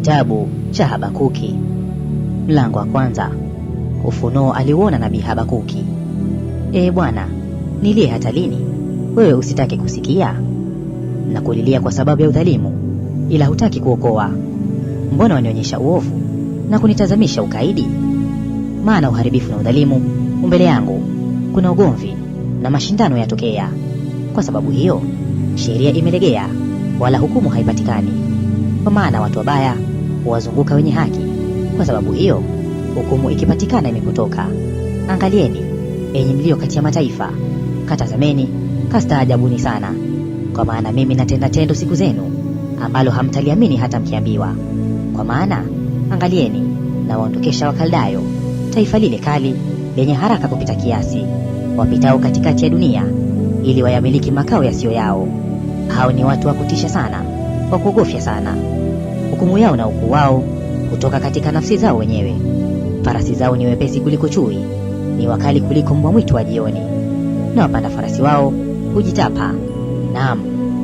Kitabu cha Habakuki mlango wa kwanza. Ufunuo aliuona nabii Habakuki. Ee Bwana, nilie hata lini? Wewe usitake kusikia na kulilia kwa sababu ya udhalimu, ila hutaki kuokoa. Mbona wanionyesha uovu na kunitazamisha ukaidi? Maana uharibifu na udhalimu umbele yangu, kuna ugomvi na mashindano yatokea. Kwa sababu hiyo sheria imelegea, wala hukumu haipatikani kwa maana watu wabaya huwazunguka wenye haki. Kwa sababu hiyo hukumu ikipatikana imepotoka. Angalieni enyi mlio kati ya mataifa, katazameni kastaajabuni sana, kwa maana mimi natenda tendo siku zenu ambalo hamtaliamini hata mkiambiwa. Kwa maana angalieni, nawaondokesha Wakaldayo, taifa lile kali lenye haraka kupita kiasi, wapitao katikati ya dunia ili wayamiliki makao yasiyo yao. Hao ni watu wa kutisha sana kwa kuogofya sana. Hukumu yao na ukuu wao hutoka katika nafsi zao wenyewe. Farasi zao ni wepesi kuliko chui, ni wakali kuliko mbwa mwitu wa jioni, na wapanda farasi wao hujitapa. Naam,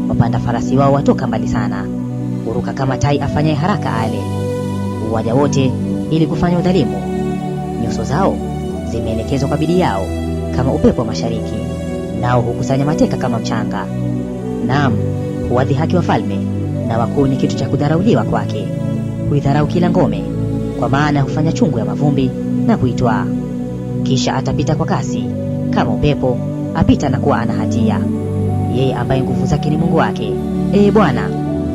wapanda farasi wao watoka mbali sana, huruka kama tai afanyaye haraka ale. Uwaja wote ili kufanya udhalimu. Nyuso zao zimeelekezwa kwa bidii yao kama upepo wa mashariki, nao hukusanya mateka kama mchanga. Naam, huwadhihaki wafalme na wakuu ni kitu cha kudharauliwa kwake. Kuidharau kila ngome, kwa maana hufanya chungu ya mavumbi na kuitwaa. Kisha atapita kwa kasi kama upepo, apita na kuwa ana hatia. Yeye ambaye nguvu zake ni Mungu wake. Ee Bwana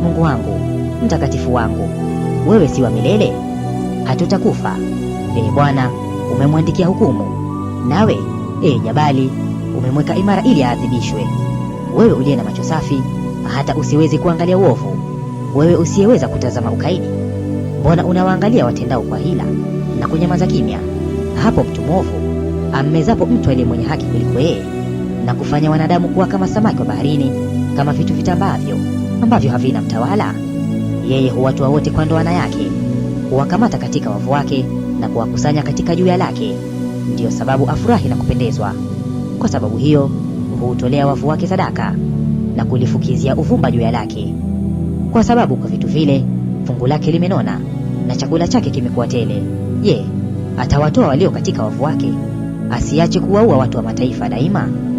Mungu wangu, mtakatifu wangu, wewe si wa milele? Hatutakufa. Ee Bwana, umemwandikia hukumu, nawe ee jabali, umemweka imara ili aadhibishwe. Wewe uliye na macho safi, hata usiwezi kuangalia uovu wewe usiyeweza kutazama ukaidi, mbona unawaangalia watendao kwa hila na kunyamaza kimya? Hapo mtu mwovu ammezapo mtu aliye mwenye haki kuliko yeye, na kufanya wanadamu kuwa kama samaki wa baharini, kama vitu vitambavyo ambavyo havina mtawala. Yeye huwatoa wote kwa ndoana yake, huwakamata katika wavu wake na kuwakusanya katika juya lake. Ndiyo sababu afurahi na kupendezwa. Kwa sababu hiyo huutolea wavu wake sadaka na kulifukizia uvumba juya lake kwa sababu kwa vitu vile fungu lake limenona na chakula chake kimekuwa tele. Je, atawatoa walio katika wavu wake? Asiache kuwaua watu wa mataifa daima.